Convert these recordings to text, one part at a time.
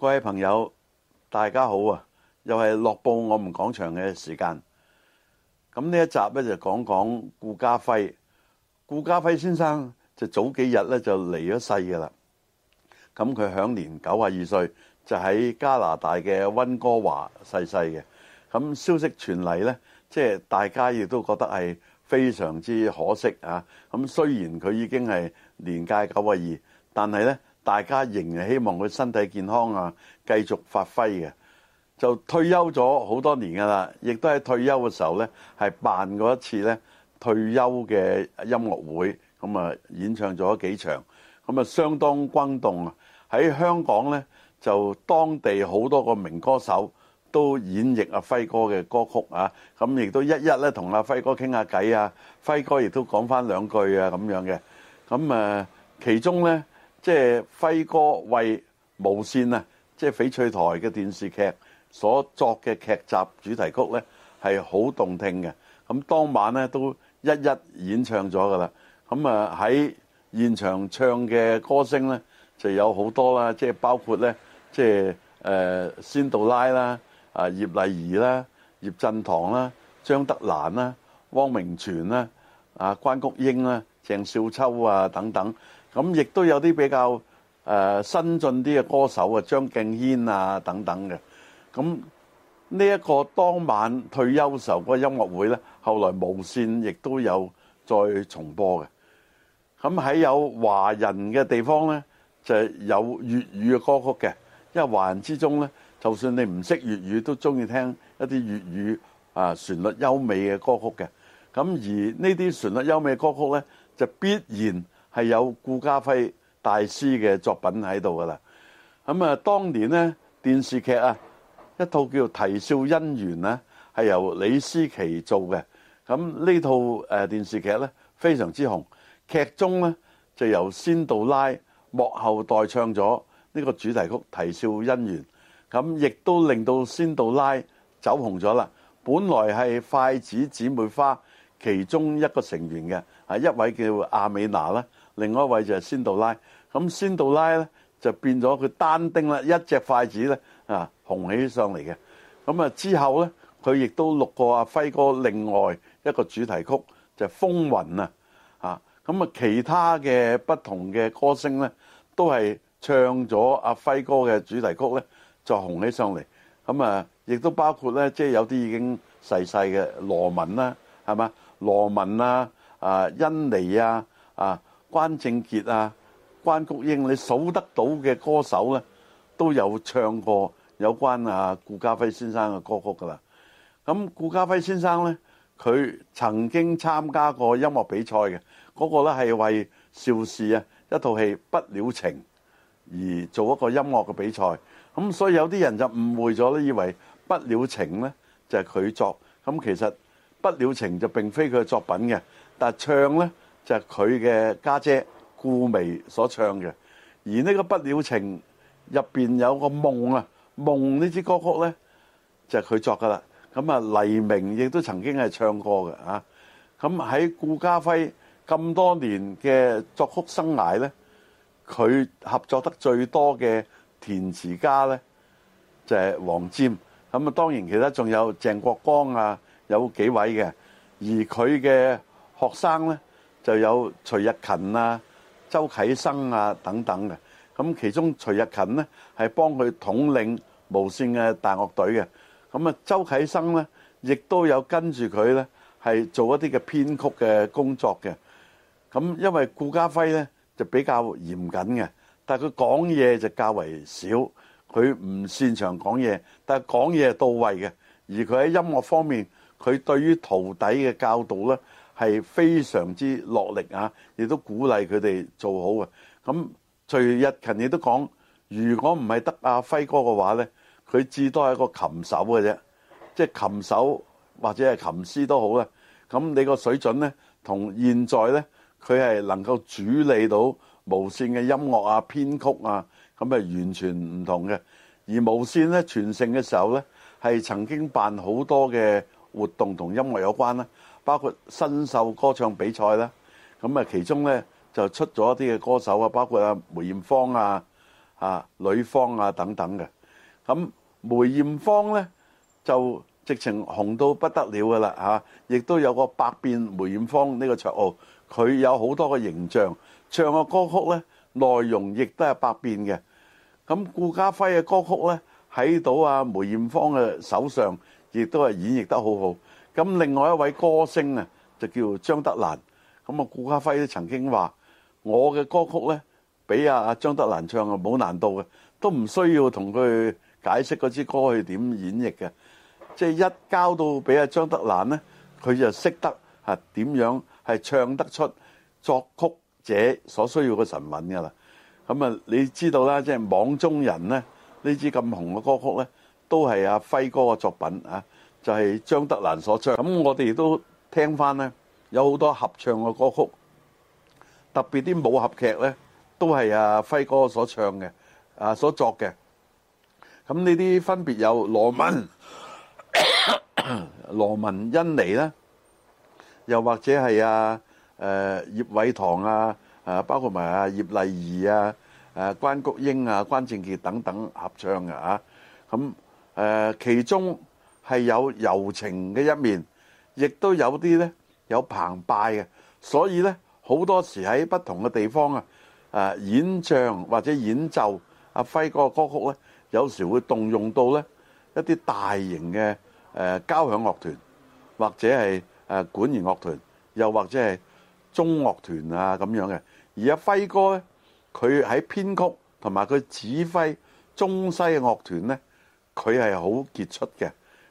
各位朋友，大家好啊！又係《樂報》我們講場嘅時間。咁呢一集咧就講講顧家輝。顧嘉輝先生就早幾日咧就離咗世噶啦。咁佢享年九啊二歲，就喺加拿大嘅溫哥華逝世嘅。咁消息傳嚟咧，即係大家亦都覺得係非常之可惜啊！咁雖然佢已經係年屆九啊二，但係咧。大家仍然希望佢身體健康啊，繼續發揮嘅。就退休咗好多年㗎啦，亦都喺退休嘅時候呢，係辦過一次呢退休嘅音樂會，咁、嗯、啊演唱咗幾場，咁、嗯、啊相當轟動啊。喺香港呢，就當地好多個名歌手都演繹阿輝哥嘅歌曲啊，咁、嗯、亦都一一咧同阿輝哥傾下偈啊，輝哥亦都講翻兩句啊咁樣嘅。咁、嗯、啊，其中呢。即係輝哥為無線啊，即係翡翠台嘅電視劇所作嘅劇集主題曲咧，係好動聽嘅。咁當晚咧都一一演唱咗噶啦。咁啊喺現場唱嘅歌聲咧就有好多啦，即係包括咧，即係誒仙杜拉啦、啊葉麗儀啦、葉振棠啦、張德蘭啦、汪明荃啦、啊關菊英啦、鄭少秋啊等等。咁亦都有啲比較誒新進啲嘅歌手啊，張敬軒啊等等嘅。咁呢一個當晚退休時候個音樂會咧，後來無線亦都有再重播嘅。咁喺有華人嘅地方咧，就有粵語嘅歌曲嘅。因為華人之中咧，就算你唔識粵語，都中意聽一啲粵語啊旋律優美嘅歌曲嘅。咁而呢啲旋律優美嘅歌曲咧，就必然。係有顧嘉煇大師嘅作品喺度噶啦，咁啊，當年呢電視劇啊，一套叫《啼笑姻緣》呢，係由李思琪做嘅。咁呢套誒電視劇呢，非常之紅，劇中呢，就由仙杜拉幕後代唱咗呢個主題曲《啼笑姻緣》，咁亦都令到仙杜拉走紅咗啦。本來係筷子姊妹花其中一個成員嘅啊，一位叫阿美娜啦。另外一位就係仙杜拉，咁仙杜拉咧就變咗佢單丁啦，一隻筷子咧啊紅起上嚟嘅。咁啊之後咧，佢亦都錄過阿輝哥另外一個主題曲就係《風雲》啊。啊，咁啊其他嘅不同嘅歌星咧，都係唱咗阿輝哥嘅主題曲咧，就紅起上嚟。咁啊，亦都包括咧，即係有啲已經細細嘅羅文啦，係嘛？羅文啊，啊，甄妮啊，啊。關正傑啊，關菊英，你數得到嘅歌手呢，都有唱過有關啊顧嘉輝先生嘅歌曲噶啦。咁顧嘉輝先生呢，佢曾經參加過音樂比賽嘅，嗰個呢，係為邵氏啊一套戲《不了情》而做一個音樂嘅比賽。咁所以有啲人就誤會咗呢，以為《不了情》呢就係佢作，咁其實《不了情》就並非佢嘅作品嘅，但唱呢。就係佢嘅家姐顧媚所唱嘅，這個，而呢個不了情入邊有個夢啊，夢呢支歌曲咧就係佢作噶啦。咁啊，黎明亦都曾經係唱過嘅啊。咁喺顧嘉煇咁多年嘅作曲生涯咧，佢合作得最多嘅填詞家咧就係黃霑。咁啊，當然其他仲有鄭國光啊，有幾位嘅。而佢嘅學生咧。就有徐日勤啊、周啟生啊等等嘅，咁其中徐日勤呢，係幫佢統領無綫嘅大樂隊嘅，咁啊周啟生呢，亦都有跟住佢呢，係做一啲嘅編曲嘅工作嘅，咁因為顧嘉煇呢，就比較嚴謹嘅，但係佢講嘢就較為少，佢唔擅長講嘢，但係講嘢係到位嘅，而佢喺音樂方面，佢對於徒弟嘅教導呢。係非常之落力啊！亦都鼓勵佢哋做好嘅。咁徐日勤亦都講，如果唔係得阿輝哥嘅話呢，佢至多係一個琴手嘅啫，即係琴手或者係琴師都好啦。咁你個水準呢，同現在呢，佢係能夠主理到無線嘅音樂啊、編曲啊，咁係完全唔同嘅。而無線咧，傳承嘅時候呢，係曾經辦好多嘅活動同音樂有關啦。包括新秀歌唱比賽啦，咁啊其中呢就出咗一啲嘅歌手啊，包括阿梅艷芳啊、啊李芳啊等等嘅。咁梅艷芳呢就直情紅到不得了嘅啦嚇，亦、啊、都有個百變梅艷芳呢個綽號，佢有好多嘅形象，唱嘅歌曲呢內容亦都係百變嘅。咁顧家輝嘅歌曲呢，喺到啊梅艷芳嘅手上，亦都係演繹得好好。咁另外一位歌星啊，就叫張德蘭。咁啊，顧嘉輝都曾經話：我嘅歌曲咧，俾阿張德蘭唱啊，冇難度嘅，都唔需要同佢解釋嗰支歌去點演繹嘅。即係一交到俾阿張德蘭咧，佢就識得啊點樣係唱得出作曲者所需要嘅神韻噶啦。咁啊，你知道啦，即係網中人咧，呢支咁紅嘅歌曲咧，都係阿輝哥嘅作品啊。就係張德蘭所唱，咁我哋亦都聽翻咧，有好多合唱嘅歌曲，特別啲武俠劇咧，都係阿輝哥所唱嘅，啊所作嘅，咁呢啲分別有羅文、羅文、甄妮啦，又或者係阿誒葉偉棠啊，誒包括埋阿葉麗儀啊、誒關菊英啊、關正傑等等合唱嘅啊，咁誒其中，係有柔情嘅一面，亦都有啲呢有澎湃嘅，所以呢，好多時喺不同嘅地方啊，誒、呃、演唱或者演奏阿、啊、輝哥嘅歌曲呢，有時會動用到呢一啲大型嘅誒、呃、交響樂團，或者係誒、呃、管弦樂團，又或者係中樂團啊咁樣嘅。而阿、啊、輝哥呢，佢喺編曲同埋佢指揮中西樂團呢，佢係好傑出嘅。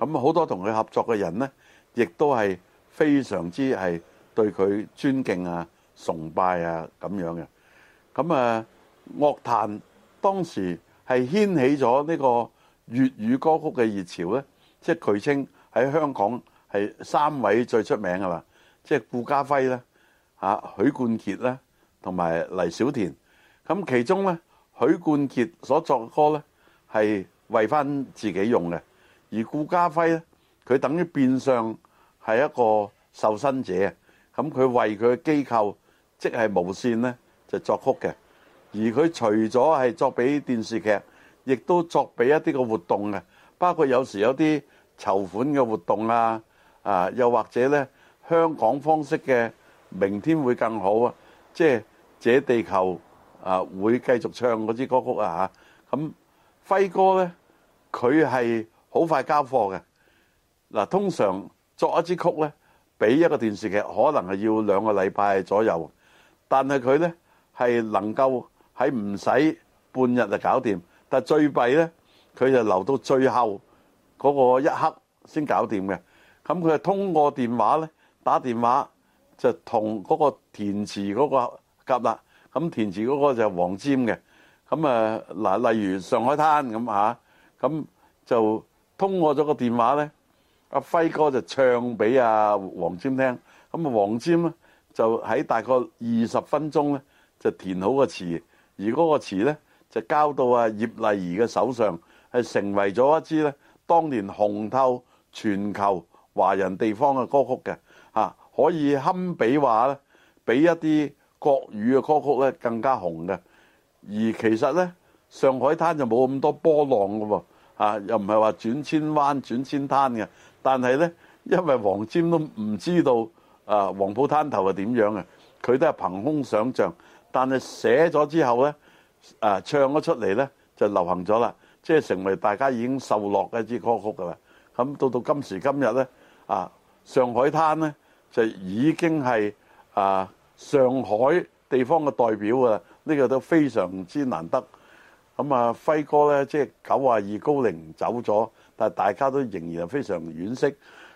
咁好多同佢合作嘅人呢，亦都係非常之係對佢尊敬啊、崇拜啊咁樣嘅。咁啊，樂壇當時係掀起咗呢個粵語歌曲嘅熱潮呢，即係佢稱喺香港係三位最出名㗎喇，即係顧嘉煇啦、吓許冠傑啦，同埋黎小田。咁其中呢，許冠傑所作嘅歌呢係為返自己用嘅。而顧嘉煇咧，佢等於變相係一個受薪者啊！咁佢為佢嘅機構，即係無線呢，就作曲嘅。而佢除咗係作俾電視劇，亦都作俾一啲個活動嘅，包括有時有啲籌款嘅活動啊！啊，又或者呢香港方式嘅明天會更好，即係這地球啊，會繼續唱嗰支歌曲啊！嚇、啊、咁輝哥呢，佢係，好快交貨嘅嗱，通常作一支曲咧，俾一個電視劇可能係要兩個禮拜左右，但係佢咧係能夠喺唔使半日就搞掂。但係最弊咧，佢就留到最後嗰個一刻先搞掂嘅。咁佢係通過電話咧，打電話就同嗰個填詞嗰個夾啦。咁填詞嗰個就黃霑嘅。咁啊嗱，例如《上海灘》咁嚇，咁就。通過咗個電話呢，阿輝哥就唱俾阿黃霑聽，咁啊黃霑呢，就喺大概二十分鐘呢，就填好個詞，而嗰個詞呢，就交到啊葉麗儀嘅手上，係成為咗一支呢當年紅透全球華人地方嘅歌曲嘅，可以堪比話呢，比一啲國語嘅歌曲呢更加紅嘅，而其實呢，上海灘就冇咁多波浪噶喎。啊，又唔係話轉千灣轉千灘嘅，但係呢，因為黃霑都唔知道啊，黃埔灘頭係點樣嘅，佢都係憑空想像。但係寫咗之後呢，啊，唱咗出嚟呢，就流行咗啦，即係成為大家已經受落嘅一支歌曲噶啦。咁到到今時今日呢，啊，上海灘呢，就已經係啊上海地方嘅代表喇，呢個都非常之難得。咁啊，輝哥咧，即係九啊二高齡走咗，但係大家都仍然係非常惋惜。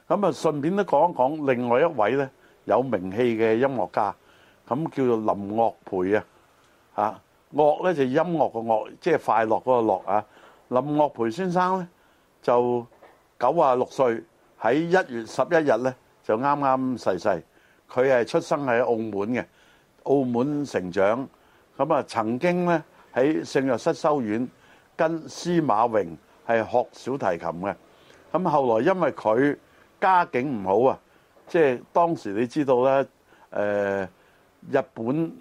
咁啊，順便都講一講另外一位咧，有名氣嘅音樂家，咁叫做林樂培啊。嚇，樂咧就音樂個樂，即係快樂嗰個樂啊。林樂培先生咧就九啊六歲，喺一月十一日咧就啱啱逝世。佢係出生喺澳門嘅，澳門成長。咁啊，曾經咧。喺聖若瑟修院跟司馬榮係學小提琴嘅，咁後來因為佢家境唔好啊，即係當時你知道咧，誒、呃、日本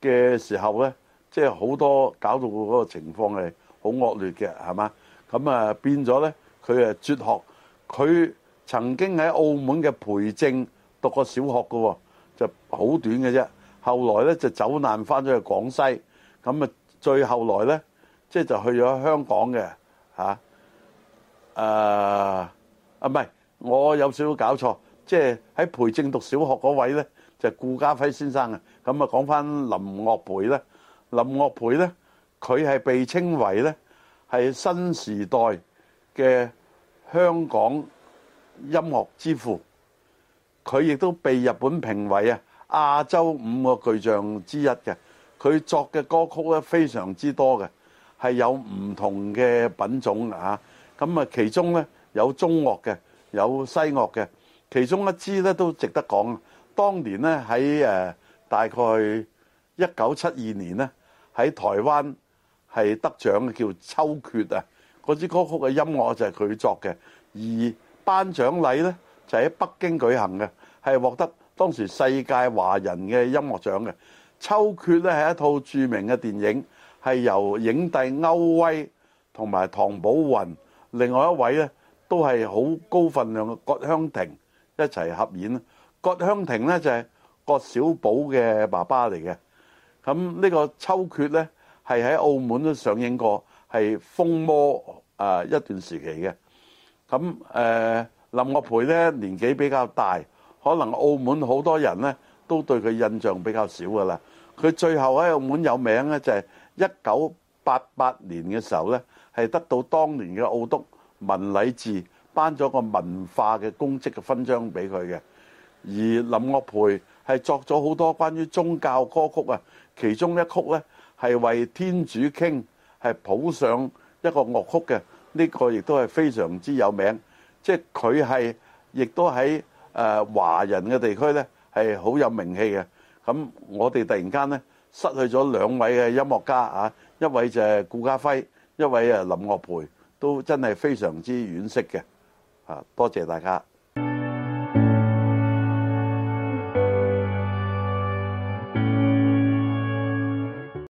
嘅時候咧，即係好多搞到嗰個情況係好惡劣嘅，係嘛？咁啊變咗咧，佢啊輟學，佢曾經喺澳門嘅培正讀過小學噶，就好短嘅啫，後來咧就走難翻咗去廣西，咁啊。最後來呢，即係就是、去咗香港嘅嚇。啊唔係、啊，我有少少搞錯，即係喺培正讀小學嗰位呢，就是、顧嘉煇先生嘅。咁啊，講翻林樂培呢，林樂培呢，佢係被稱為呢，係新時代嘅香港音樂之父，佢亦都被日本評為啊亞洲五個巨匠之一嘅。佢作嘅歌曲咧非常之多嘅，係有唔同嘅品種。啊！咁啊，其中咧有中樂嘅，有西樂嘅。其中一支咧都值得講啊！當年咧喺誒大概一九七二年咧喺台灣係得獎嘅，叫《秋缺》啊！嗰支歌曲嘅音樂就係佢作嘅，而頒獎禮咧就喺北京舉行嘅，係獲得當時世界華人嘅音樂獎嘅。《秋決》咧係一套著名嘅電影，係由影帝歐威同埋唐寶雲，另外一位呢都係好高分量嘅葛香亭一齊合演。葛香亭呢就係葛小寶嘅爸爸嚟嘅。咁呢個《秋決》呢，係喺澳門都上映過，係風魔一段時期嘅。咁林樂培呢，年紀比較大，可能澳門好多人呢都對佢印象比較少嘅啦。佢最後喺澳門有名呢，就係一九八八年嘅時候呢，係得到當年嘅澳督文禮治頒咗個文化嘅功績嘅勳章俾佢嘅。而林樂培係作咗好多關於宗教歌曲啊，其中一曲呢係為天主傾係譜上一個樂曲嘅，呢個亦都係非常之有名。即係佢係亦都喺誒華人嘅地區呢，係好有名氣嘅，咁我哋突然間呢，失去咗兩位嘅音樂家啊，一位就係顧嘉煇，一位啊林樂培，都真係非常之惋惜嘅，多謝大家。